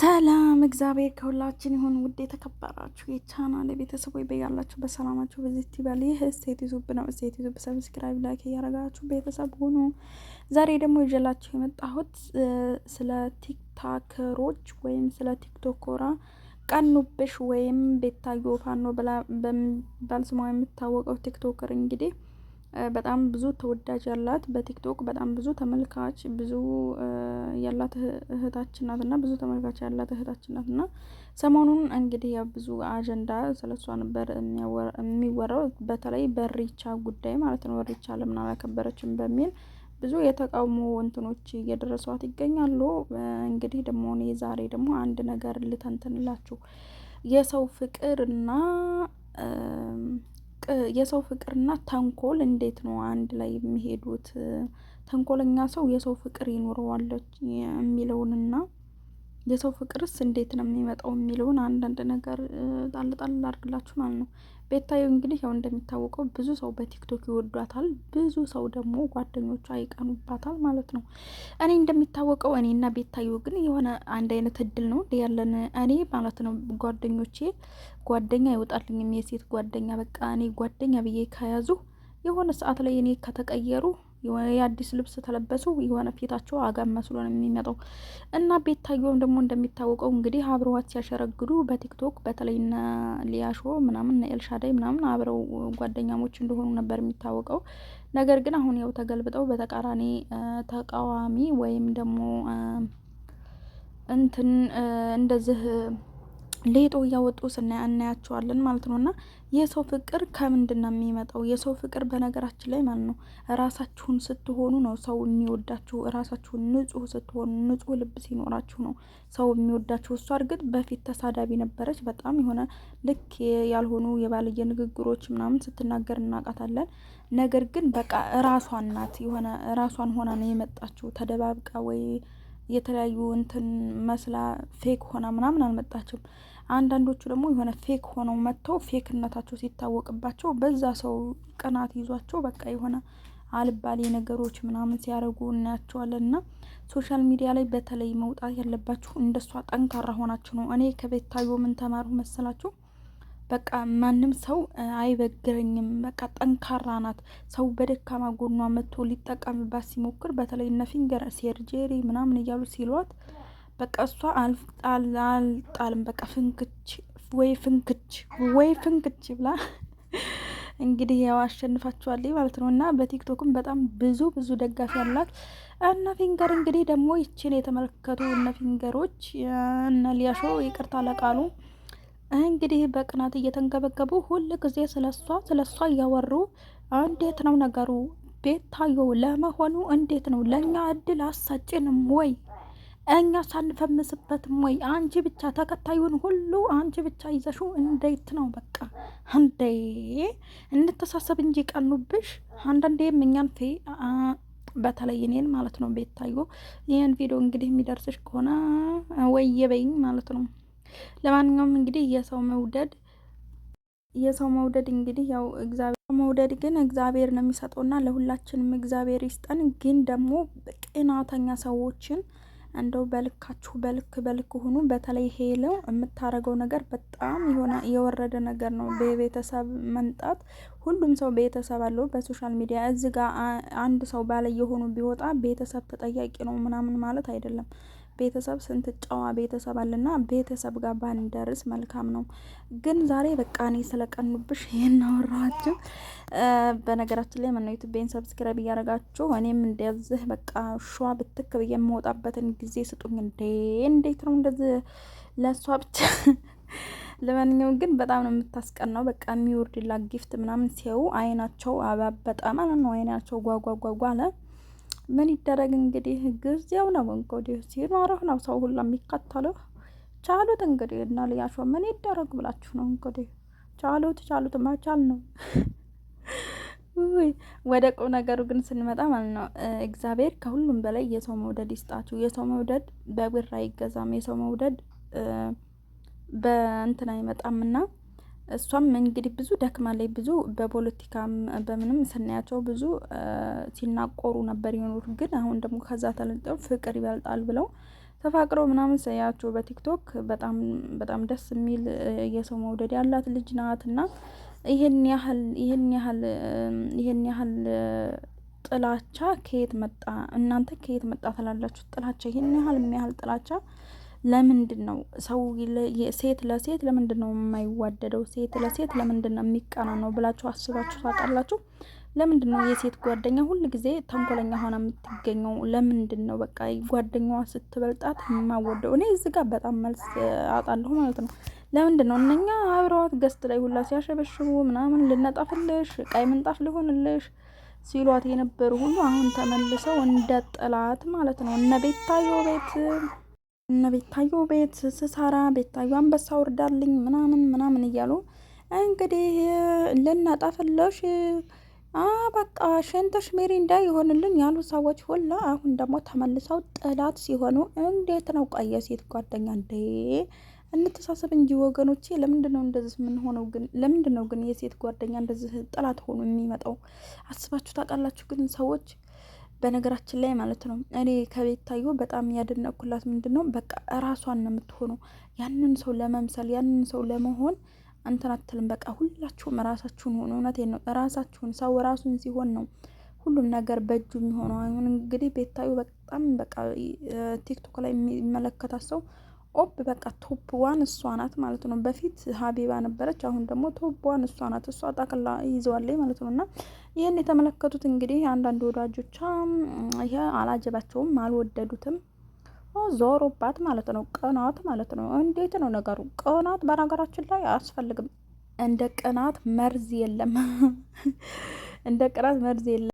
ሰላም እግዚአብሔር ከሁላችን ይሁን። ውድ የተከበራችሁ የቻናል ቤተሰቦች በያላችሁ በሰላማችሁ በዚህ ቲበል ይህ እሴት ዩቱብ ነው። እሴት ዩቱብ ሰብስክራይብ፣ ላይክ እያረጋችሁ ቤተሰብ ሁኑ። ዛሬ ደግሞ ይዤላችሁ የመጣሁት ስለ ቲክታከሮች ወይም ስለ ቲክቶኮራ ቀኑብሽ ወይም ቤታዮ ፋኖ በሚባል ስሟ የምታወቀው ቲክቶከር እንግዲህ በጣም ብዙ ተወዳጅ ያላት በቲክቶክ በጣም ብዙ ተመልካች ብዙ ያላት እህታችን ናት እና ብዙ ተመልካች ያላት እህታችን ናት እና ሰሞኑን እንግዲህ ያው ብዙ አጀንዳ ስለሷ ነበር የሚወራው። በተለይ በሪቻ ጉዳይ ማለት ነው። ሪቻ ለምን አላከበረችም በሚል ብዙ የተቃውሞ እንትኖች እየደረሷት ይገኛሉ። እንግዲህ ደግሞ እኔ ዛሬ ደግሞ አንድ ነገር ልተንትንላችሁ የሰው ፍቅር እና የሰው ፍቅርና ተንኮል እንዴት ነው አንድ ላይ የሚሄዱት? ተንኮለኛ ሰው የሰው ፍቅር ይኖረዋለች የሚለውንና የሰው ፍቅርስ እንዴት ነው የሚመጣው የሚለውን አንዳንድ ነገር ጣልጣል ጣል ላድርግላችሁ ማለት ነው። ቤታዬ እንግዲህ ያው እንደሚታወቀው ብዙ ሰው በቲክቶክ ይወዷታል፣ ብዙ ሰው ደግሞ ጓደኞቿ ይቀኑባታል ማለት ነው። እኔ እንደሚታወቀው እኔና ቤታዬ ግን የሆነ አንድ አይነት እድል ነው ያለን። እኔ ማለት ነው ጓደኞቼ ጓደኛ ይወጣልኝም የሴት ጓደኛ በቃ እኔ ጓደኛ ብዬ ከያዙ የሆነ ሰዓት ላይ እኔ ከተቀየሩ የአዲስ ልብስ ተለበሱ የሆነ ፊታቸው አጋም መስሎ ነው የሚመጣው። እና ቤታየውም ደግሞ እንደሚታወቀው እንግዲህ አብረዋት ሲያሸረግዱ በቲክቶክ በተለይ እነ ሊያሾ ምናምን ኤልሻዳይ ምናምን አብረው ጓደኛሞች እንደሆኑ ነበር የሚታወቀው። ነገር ግን አሁን ያው ተገልብጠው በተቃራኒ ተቃዋሚ ወይም ደግሞ እንትን እንደዚህ ሌጦ እያወጡ ስናያ እናያቸዋለን ማለት ነው። እና የሰው ፍቅር ከምንድን ነው የሚመጣው? የሰው ፍቅር በነገራችን ላይ ማለት ነው እራሳችሁን ስትሆኑ ነው ሰው የሚወዳችሁ። እራሳችሁን ንጹህ ስትሆኑ፣ ንጹህ ልብ ሲኖራችሁ ነው ሰው የሚወዳችሁ። እሷ እርግጥ በፊት ተሳዳቢ ነበረች። በጣም የሆነ ልክ ያልሆኑ የባልየ ንግግሮች ምናምን ስትናገር እናውቃታለን። ነገር ግን በቃ ራሷን ናት የሆነ እራሷን ሆና ነው የመጣችው ተደባብቃ ወይ የተለያዩ እንትን መስላ ፌክ ሆና ምናምን አልመጣችም። አንዳንዶቹ ደግሞ የሆነ ፌክ ሆነው መጥተው ፌክነታቸው ሲታወቅባቸው በዛ ሰው ቅናት ይዟቸው በቃ የሆነ አልባሌ ነገሮች ምናምን ሲያደርጉ እናያቸዋለን። እና ሶሻል ሚዲያ ላይ በተለይ መውጣት ያለባችሁ እንደሷ ጠንካራ ሆናችሁ ነው። እኔ ታዩ ምን ተማርሁ መሰላችሁ? በቃ ማንም ሰው አይበግረኝም፣ በቃ ጠንካራ ናት። ሰው በደካማ ጎኗ መጥቶ ሊጠቀምባት ሲሞክር በተለይ እነ ፊንገር ሴርጄሪ ምናምን እያሉ ሲሏት በቃ እሷ አልጣልም፣ በቃ ፍንክች ወይ ፍንክች ወይ ፍንክች ብላ እንግዲህ ያው አሸንፋችኋል ማለት ነው። እና በቲክቶክም በጣም ብዙ ብዙ ደጋፊ አላት። እነ ፊንገር እንግዲህ ደግሞ ይችን የተመለከቱ እነ ፊንገሮች እነ ሊያሾ ይቅርታ ለቃሉ እንግዲህ በቅናት እየተንገበገቡ ሁል ጊዜ ስለሷ ስለሷ እያወሩ እንዴት ነው ነገሩ? ቤታዮ ለመሆኑ እንዴት ነው? ለእኛ እድል አሳጭንም ወይ? እኛ ሳንፈምስበትም ወይ? አንቺ ብቻ ተከታዩን ሁሉ አንቺ ብቻ ይዘሹ እንዴት ነው? በቃ እንዴ እንተሳሰብ እንጂ ቀኑብሽ። አንዳንዴም እኛን ፌ በተለይ እኔን ማለት ነው። ቤታዮ ይህን ቪዲዮ እንግዲህ የሚደርስሽ ከሆነ ወየበይኝ ማለት ነው ለማንኛውም እንግዲህ የሰው መውደድ የሰው መውደድ እንግዲህ ያው እግዚአብሔር መውደድ ግን እግዚአብሔር ነው የሚሰጠውና ለሁላችንም እግዚአብሔር ይስጠን። ግን ደግሞ ቅናተኛ ሰዎችን እንደው በልካችሁ በልክ በልክ ሁኑ። በተለይ ሄለው የምታረገው ነገር በጣም የሆነ የወረደ ነገር ነው። በቤተሰብ መምጣት ሁሉም ሰው ቤተሰብ አለው። በሶሻል ሚዲያ እዚህ ጋር አንድ ሰው ባለ የሆኑ ቢወጣ ቤተሰብ ተጠያቂ ነው ምናምን ማለት አይደለም። ቤተሰብ ስንት ጨዋ ቤተሰብ አለና ቤተሰብ ጋር ባንደርስ መልካም ነው። ግን ዛሬ በቃ እኔ ስለቀኑብሽ ይህን አወራኋችሁ። በነገራችን ላይ ምነው ዩቱቤን ሰብስክራይብ እያደረጋችሁ እኔም እንደዚህ በቃ ሸዋ ብትክ ብዬ የምወጣበትን ጊዜ ስጡኝ። እንዴ እንዴት ነው እንደዚህ ለእሷ ብቻ ለማንኛውም ግን በጣም ነው የምታስቀናው። በቃ የሚወርድላ ጊፍት ምናምን ሲው አይናቸው አባበጣ ማለት ነው። አይናቸው ጓጓጓጓ አለ። ምን ይደረግ እንግዲህ ጊዜው ነው እንግዲህ ሲኖርህ ነው ሰው ሁሉ የሚከተለው። ቻሉት እንግዲህ እና ልያሾ ምን ይደረግ ብላችሁ ነው እንግዲህ ቻሉት ቻሉት መቻል ነው። ወደ ቁም ነገሩ ግን ስንመጣ ማለት ነው እግዚአብሔር ከሁሉም በላይ የሰው መውደድ ይስጣችሁ። የሰው መውደድ በብር አይገዛም። የሰው መውደድ በእንትን አይመጣም እና እሷም እንግዲህ ብዙ ላይ ብዙ በፖለቲካም በምንም ስናያቸው ብዙ ሲናቆሩ ነበር የኖሩት። ግን አሁን ደግሞ ከዛ ተለጠው ፍቅር ይበልጣል ብለው ተፋቅረው ምናምን ሳያቸው በቲክቶክ በጣም በጣም ደስ የሚል የሰው መውደድ ያላት ልጅ ናት እና ይህን ያህል ይህን ያህል ይህን ያህል ጥላቻ ከየት መጣ? እናንተ ከየት መጣ ትላላችሁ? ጥላቻ ይህን ያህል የሚያህል ጥላቻ ለምንድን ነው ሰው ሴት ለሴት ለምንድን ነው የማይዋደደው? ሴት ለሴት ለምንድን ነው የሚቀና ነው ብላችሁ አስባችሁ ታውቃላችሁ? ለምንድን ነው የሴት ጓደኛ ሁል ጊዜ ተንኮለኛ ሆና የምትገኘው? ለምንድን ነው በቃ ጓደኛዋ ስትበልጣት የማወደው? እኔ እዚህ ጋር በጣም መልስ አጣለሁ ማለት ነው። ለምንድን ነው እነኛ አብረዋት ገስት ላይ ሁላ ሲያሸበሽቡ ምናምን ልነጣፍልሽ፣ ቀይ ምንጣፍ ልሆንልሽ ሲሏት የነበሩ ሁሉ አሁን ተመልሰው እንደ ጥላት ማለት ነው እነ ቤታዮ ቤት እነ ቤታዩ ቤት ስሰራ ቤታዩ አንበሳ ወርዳልኝ ምናምን ምናምን እያሉ እንግዲህ ልናጣፍለሽ በቃ ሸንተሽ ሜሪንዳ ይሆንልን ያሉ ሰዎች ሁላ አሁን ደግሞ ተመልሰው ጥላት ሲሆኑ እንዴት ነው ቀየ ሴት ጓደኛ እንዴ እንተሳሰብ እንጂ ወገኖቼ ለምንድን ነው እንደዚህ የምንሆነው ግን ለምንድን ነው ግን የሴት ጓደኛ እንደዚህ ጥላት ሆኖ የሚመጣው አስባችሁ ታውቃላችሁ ግን ሰዎች በነገራችን ላይ ማለት ነው እኔ ከቤት ታዩ በጣም ያደነቅኩላት ምንድን ነው በቃ እራሷን ነው የምትሆኑ ያንን ሰው ለመምሰል ያንን ሰው ለመሆን እንትን አትልም። በቃ ሁላችሁም ራሳችሁን ሆኑ። እውነቴን ነው ራሳችሁን። ሰው ራሱን ሲሆን ነው ሁሉም ነገር በእጁ የሚሆነው። አሁን እንግዲህ ቤት ታዩ በጣም በቃ ቲክቶክ ላይ የሚመለከታት ሰው ኦፕ በቃ ቶፕ ዋን እሷ ናት ማለት ነው። በፊት ሀቢባ ነበረች፣ አሁን ደግሞ ቶፕ ዋን እሷ ናት። እሷ ጠቅላ ይዘዋለች ማለት ነው። እና ይህን የተመለከቱት እንግዲህ አንዳንድ ወዳጆቿ ይሄ አላጀባቸውም፣ አልወደዱትም፣ ዞሮባት ማለት ነው። ቅናት ማለት ነው። እንዴት ነው ነገሩ? ቅናት በነገራችን ላይ አያስፈልግም። እንደ ቅናት መርዝ የለም። እንደ ቅናት መርዝ የለም።